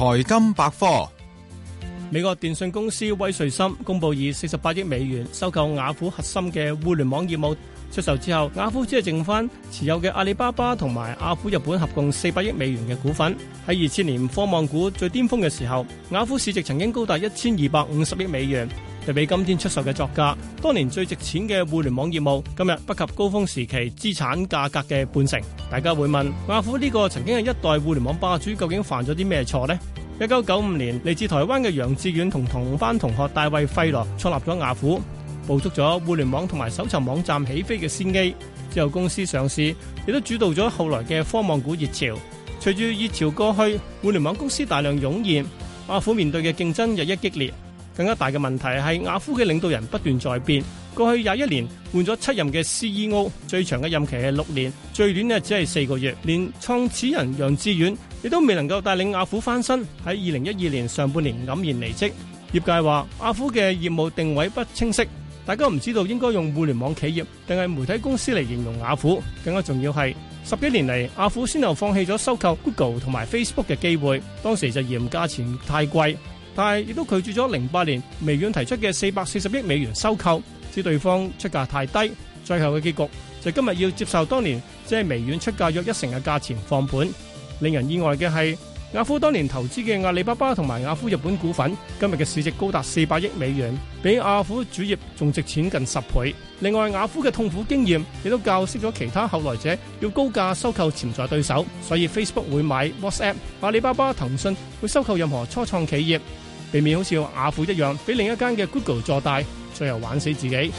財金百科，美國電信公司威瑞森公布以四十八億美元收購雅虎核心嘅互聯網業務。出售之後，雅虎只係剩翻，持有嘅阿里巴巴同埋雅虎日本合共四百億美元嘅股份。喺二千年科網股最巔峰嘅時候，雅虎市值曾經高達一千二百五十億美元。俾今天出售嘅作價，當年最值錢嘅互聯網業務，今日不及高峰時期資產價格嘅半成。大家會問，雅虎呢個曾經係一代互聯網霸主，究竟犯咗啲咩錯呢？一九九五年，嚟自台灣嘅楊致遠同同班同學大衛費羅創立咗雅虎，捕捉咗互聯網同埋搜尋網站起飛嘅先機。之後公司上市，亦都主導咗後來嘅科網股熱潮。隨住熱潮過去，互聯網公司大量湧現，雅虎面對嘅競爭日益激烈。更加大嘅問題，係雅虎嘅領導人不斷在變。過去廿一年換咗七任嘅 CEO，最長嘅任期係六年，最短嘅只係四個月。連創始人楊致遠亦都未能夠帶領雅虎翻身，喺二零一二年上半年黯然離職。業界話，雅虎嘅業務定位不清晰，大家唔知道應該用互聯網企業定係媒體公司嚟形容雅虎。更加重要係十幾年嚟，雅虎先後放棄咗收購 Google 同埋 Facebook 嘅機會，當時就嫌價錢太貴。但係亦都拒絕咗零八年微軟提出嘅四百四十億美元收購，指對方出價太低。最後嘅結局就今日要接受當年即係微軟出價約一成嘅價錢放盤。令人意外嘅係，雅虎當年投資嘅阿里巴巴同埋雅虎日本股份，今日嘅市值高達四百億美元，比雅虎主業仲值錢近十倍。另外，雅虎嘅痛苦經驗亦都教識咗其他後來者要高價收購潛在對手。所以 Facebook 會買 WhatsApp，阿里巴巴、騰訊會收購任何初創企業。避免好似雅虎一樣，俾另一間嘅 Google 坐大，最後玩死自己。